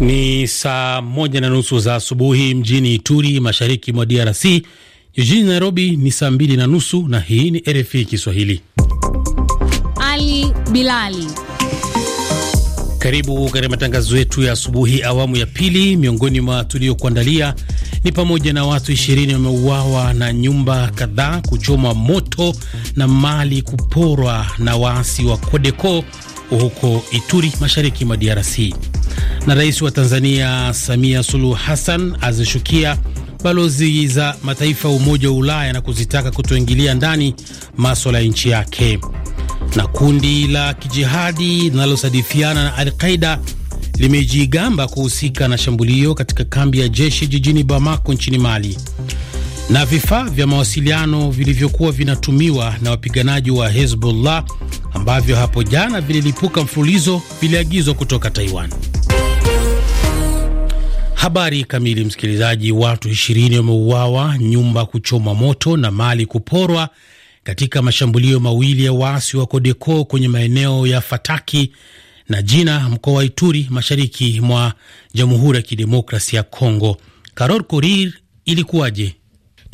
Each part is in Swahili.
Ni saa moja na nusu za asubuhi mjini Ituri, mashariki mwa DRC. Jijini Nairobi ni saa mbili na nusu, na hii ni RFI Kiswahili. Ali Bilali, karibu katika matangazo yetu ya asubuhi, awamu ya pili. Miongoni mwa tuliyokuandalia ni pamoja na watu ishirini wameuawa na nyumba kadhaa kuchoma moto na mali kuporwa na waasi wa Kodeko huko Ituri, mashariki mwa DRC na Rais wa Tanzania Samia Suluhu Hassan azishukia balozi za mataifa ya Umoja wa Ulaya na kuzitaka kutoingilia ndani maswala ya nchi yake. Na kundi la kijihadi linalosadifiana na Alqaida limejigamba kuhusika na shambulio katika kambi ya jeshi jijini Bamako nchini Mali. Na vifaa vya mawasiliano vilivyokuwa vinatumiwa na wapiganaji wa Hezbollah ambavyo hapo jana vililipuka mfululizo viliagizwa kutoka Taiwan. Habari kamili, msikilizaji. Watu ishirini wameuawa, nyumba kuchoma moto na mali kuporwa katika mashambulio mawili ya waasi wa Kodeko kwenye maeneo ya Fataki na Jina, mkoa wa Ituri, mashariki mwa Jamhuri ya kidemokrasi ya Kongo. Karol Korir, ilikuwaje?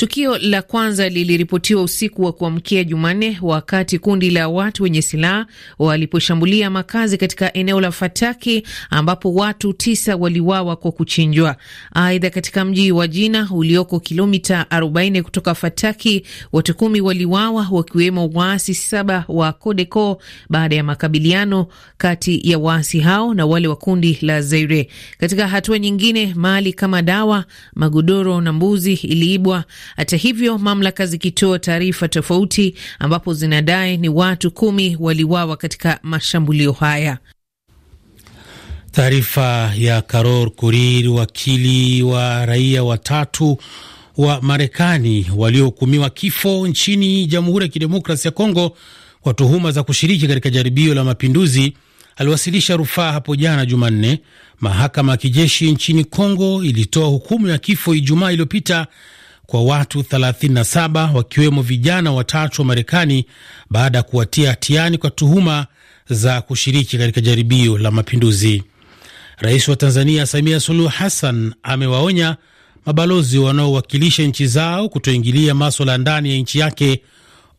Tukio la kwanza liliripotiwa usiku wa kuamkia Jumanne wakati kundi la watu wenye silaha waliposhambulia makazi katika eneo la Fataki ambapo watu tisa waliwawa kwa kuchinjwa. Aidha, katika mji wa Jina ulioko kilomita 40 kutoka Fataki, watu kumi waliwawa wakiwemo waasi saba wa Kodeko baada ya makabiliano kati ya waasi hao na wale wa kundi la Zaire. Katika hatua nyingine, mali kama dawa, magodoro na mbuzi iliibwa hata hivyo, mamlaka zikitoa taarifa tofauti, ambapo zinadai ni watu kumi waliwawa katika mashambulio haya. Taarifa ya karor Kurir, wakili wa raia watatu wa Marekani waliohukumiwa kifo nchini Jamhuri ya Kidemokrasi ya Kongo kwa tuhuma za kushiriki katika jaribio la mapinduzi aliwasilisha rufaa hapo jana Jumanne. Mahakama ya kijeshi nchini Kongo ilitoa hukumu ya kifo Ijumaa iliyopita kwa watu 37 wakiwemo vijana watatu wa Marekani baada ya kuwatia hatiani kwa tuhuma za kushiriki katika jaribio la mapinduzi. Rais wa Tanzania Samia Suluhu Hassan amewaonya mabalozi wanaowakilisha nchi zao kutoingilia maswala ndani ya nchi yake,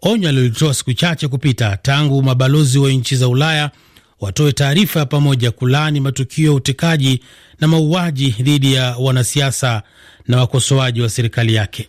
onyo alilitoa siku chache kupita tangu mabalozi wa nchi za Ulaya watoe taarifa ya pamoja kulaani matukio ya utekaji na mauaji dhidi ya wanasiasa na wakosoaji wa serikali yake.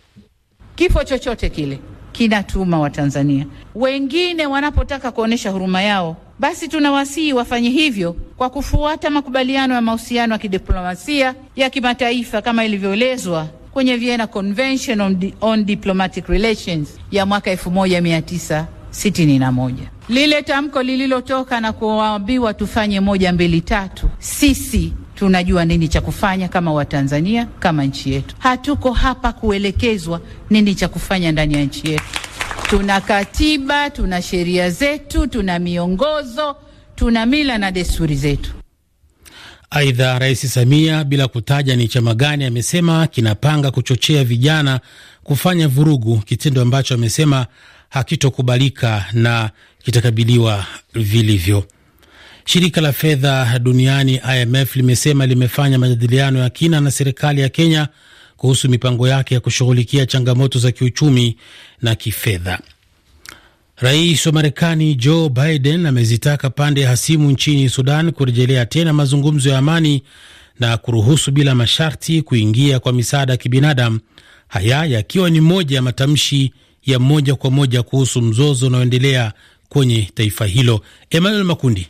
Kifo chochote kile kinatuma Watanzania wengine wanapotaka kuonyesha huruma yao, basi tunawasihi wafanye hivyo kwa kufuata makubaliano ya mahusiano ya kidiplomasia ya kimataifa kama ilivyoelezwa kwenye Vienna Convention on, on Diplomatic Relations ya mwaka 1961 lile tamko lililotoka na kuwaambiwa tufanye moja mbili tatu, sisi tunajua nini cha kufanya kama Watanzania, kama nchi yetu. Hatuko hapa kuelekezwa nini cha kufanya ndani ya nchi yetu. Tuna katiba, tuna sheria zetu, tuna miongozo, tuna mila na desturi zetu. Aidha, Rais Samia, bila kutaja ni chama gani, amesema kinapanga kuchochea vijana kufanya vurugu, kitendo ambacho amesema hakitokubalika na kitakabiliwa vilivyo. Shirika la fedha duniani IMF limesema limefanya majadiliano ya kina na serikali ya Kenya kuhusu mipango yake ya kushughulikia changamoto za kiuchumi na kifedha. Rais wa Marekani Joe Biden amezitaka pande hasimu nchini Sudan kurejelea tena mazungumzo ya amani na kuruhusu bila masharti kuingia kwa misaada ya kibinadamu, haya yakiwa ni moja ya matamshi ya moja kwa moja kuhusu mzozo unaoendelea kwenye taifa hilo. Emmanuel Makundi.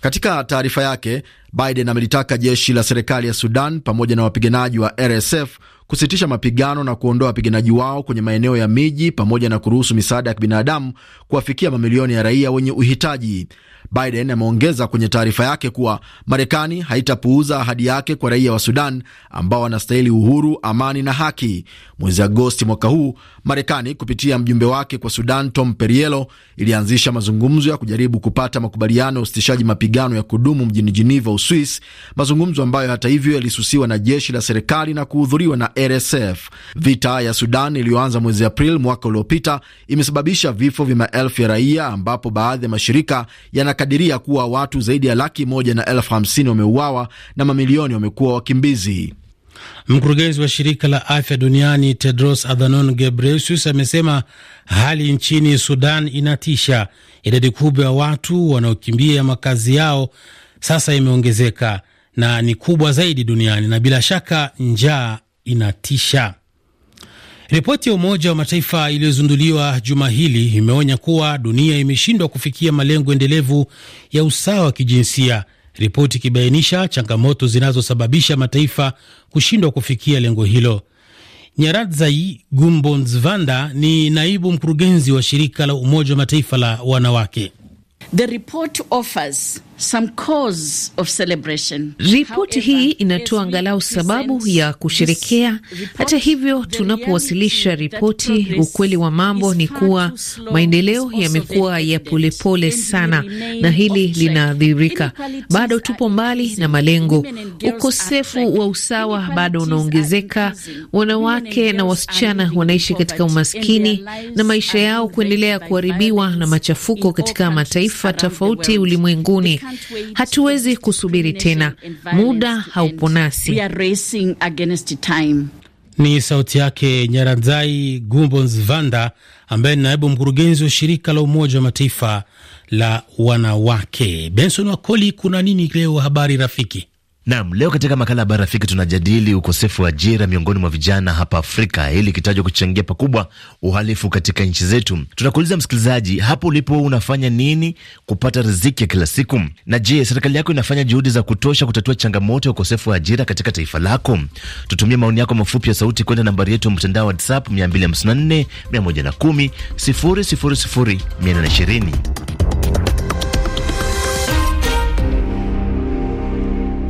Katika taarifa yake, Biden amelitaka jeshi la serikali ya Sudan pamoja na wapiganaji wa RSF kusitisha mapigano na kuondoa wapiganaji wao kwenye maeneo ya miji pamoja na kuruhusu misaada ya kibinadamu kuwafikia mamilioni ya raia wenye uhitaji. Biden ameongeza kwenye taarifa yake kuwa Marekani haitapuuza ahadi yake kwa raia wa Sudan ambao wanastahili uhuru, amani na haki. Mwezi Agosti mwaka huu, Marekani kupitia mjumbe wake kwa Sudan Tom Perriello ilianzisha mazungumzo ya kujaribu kupata makubaliano ya usitishaji mapigano ya kudumu mjini Geneva, Uswis, mazungumzo ambayo hata hivyo yalisusiwa na jeshi la serikali na kuhudhuriwa na RSF. Vita ya Sudan iliyoanza mwezi Aprili mwaka uliopita imesababisha vifo vya maelfu ya raia, ambapo baadhi ya mashirika yanakadiria kuwa watu zaidi ya laki moja na elfu hamsini wameuawa na mamilioni wamekuwa wakimbizi. Mkurugenzi wa shirika la afya duniani Tedros Adhanom Ghebreyesus amesema hali nchini Sudan inatisha. Idadi kubwa ya watu wanaokimbia makazi yao sasa imeongezeka na ni kubwa zaidi duniani, na bila shaka njaa inatisha. Ripoti ya Umoja wa Mataifa iliyozinduliwa juma hili imeonya kuwa dunia imeshindwa kufikia malengo endelevu ya usawa wa kijinsia, ripoti ikibainisha changamoto zinazosababisha mataifa kushindwa kufikia lengo hilo. Nyaradzai Gumbonzvanda ni naibu mkurugenzi wa shirika la Umoja wa Mataifa la wanawake. The report offers some cause of celebration. Ripoti hii inatoa angalau sababu ya kusherekea. Hata hivyo, tunapowasilisha ripoti, ukweli wa mambo ni kuwa maendeleo yamekuwa ya polepole sana, na hili linadhihirika. Bado tupo mbali na malengo. Ukosefu wa usawa bado unaongezeka. Wanawake na wasichana wanaishi katika umaskini na maisha yao kuendelea kuharibiwa na machafuko katika mataifa mataifa tofauti ulimwenguni. Hatuwezi kusubiri tena, muda haupo nasi. Ni sauti yake Nyaranzai Gumbonzvanda, ambaye ni naibu mkurugenzi wa shirika la Umoja wa Mataifa la wanawake. Benson Wakoli, kuna nini leo habari rafiki? Nam, leo katika makala ya bara Rafiki tunajadili ukosefu wa ajira miongoni mwa vijana hapa Afrika, ili kitajwa kuchangia pakubwa uhalifu katika nchi zetu. Tunakuuliza msikilizaji, hapo ulipo unafanya nini kupata riziki ya kila siku? Na je, serikali yako inafanya juhudi za kutosha kutatua changamoto ya ukosefu wa ajira katika taifa lako? Tutumie maoni yako mafupi ya sauti kwenda nambari yetu ya mtandao wa WhatsApp 254 110 000 420.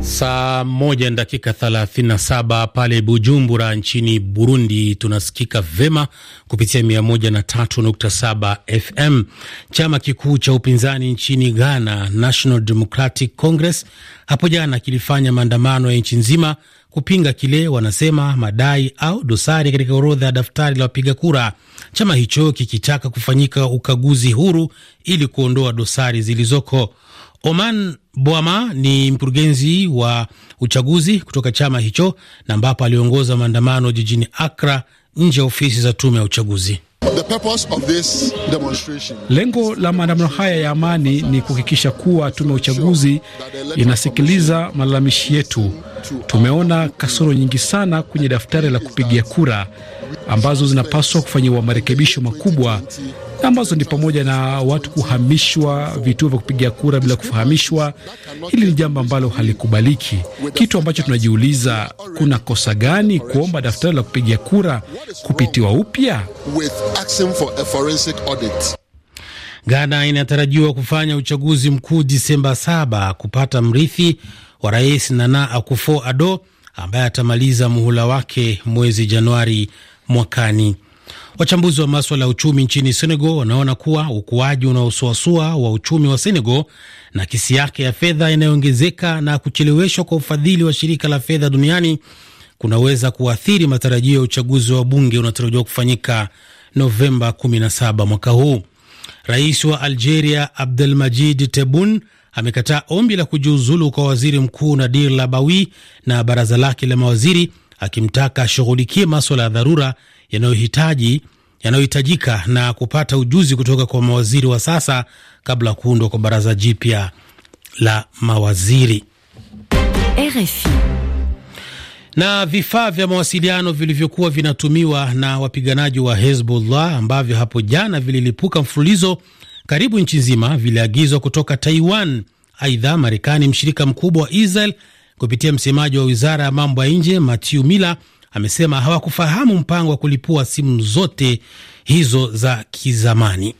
Saa moja na dakika 37 pale Bujumbura nchini Burundi, tunasikika vema kupitia 103.7 FM. Chama kikuu cha upinzani nchini Ghana, National Democratic Congress, hapo jana kilifanya maandamano ya nchi nzima kupinga kile wanasema madai au dosari katika orodha ya daftari la wapiga kura, chama hicho kikitaka kufanyika ukaguzi huru ili kuondoa dosari zilizoko. Oman Bwama ni mkurugenzi wa uchaguzi kutoka chama hicho na ambapo aliongoza maandamano jijini Akra nje ya ofisi za tume ya uchaguzi. Lengo la maandamano haya ya amani ni kuhakikisha kuwa tume ya uchaguzi inasikiliza malalamishi yetu. Tumeona kasoro nyingi sana kwenye daftari la kupigia kura ambazo zinapaswa kufanyiwa marekebisho makubwa ambazo ni pamoja na watu kuhamishwa vituo vya kupiga kura bila kufahamishwa. Hili ni jambo ambalo halikubaliki. Kitu ambacho tunajiuliza, kuna kosa gani kuomba daftari la kupiga kura kupitiwa upya? Ghana inatarajiwa kufanya uchaguzi mkuu Disemba saba kupata mrithi wa rais Nana akufo ado ambaye atamaliza muhula wake mwezi Januari mwakani. Wachambuzi wa maswala ya uchumi nchini Senegal wanaona kuwa ukuaji unaosuasua wa uchumi wa Senegal na kisi yake ya fedha inayoongezeka na kucheleweshwa kwa ufadhili wa shirika la fedha duniani kunaweza kuathiri matarajio ya uchaguzi wa bunge unaotarajiwa kufanyika Novemba 17 mwaka huu. Rais wa Algeria Abdelmajid Tebboune amekataa ombi la kujiuzulu kwa waziri mkuu Nadir Labawi na baraza lake la mawaziri akimtaka ashughulikie maswala ya dharura yanayohitaji yanayohitajika na kupata ujuzi kutoka kwa mawaziri wa sasa kabla ya kuundwa kwa baraza jipya la mawaziri. RFI. Na vifaa vya mawasiliano vilivyokuwa vinatumiwa na wapiganaji wa Hezbollah ambavyo hapo jana vililipuka mfululizo karibu nchi nzima viliagizwa kutoka Taiwan. Aidha, Marekani, mshirika mkubwa wa Israel, kupitia msemaji wa wizara ya mambo ya nje Matthew Miller amesema hawakufahamu mpango wa kulipua simu zote hizo za kizamani.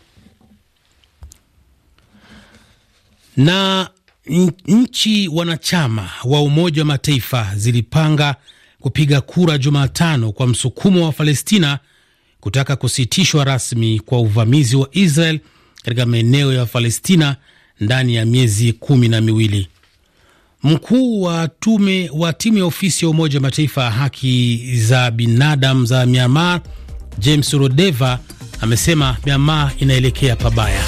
Na nchi wanachama wa Umoja wa Mataifa zilipanga kupiga kura Jumatano kwa msukumo wa Palestina kutaka kusitishwa rasmi kwa uvamizi wa Israel katika maeneo ya Palestina ndani ya miezi kumi na miwili. Mkuu wa tume wa timu ya ofisi ya Umoja wa Mataifa ya haki za binadamu za Myanmar James Rodeva amesema Myanmar inaelekea pabaya.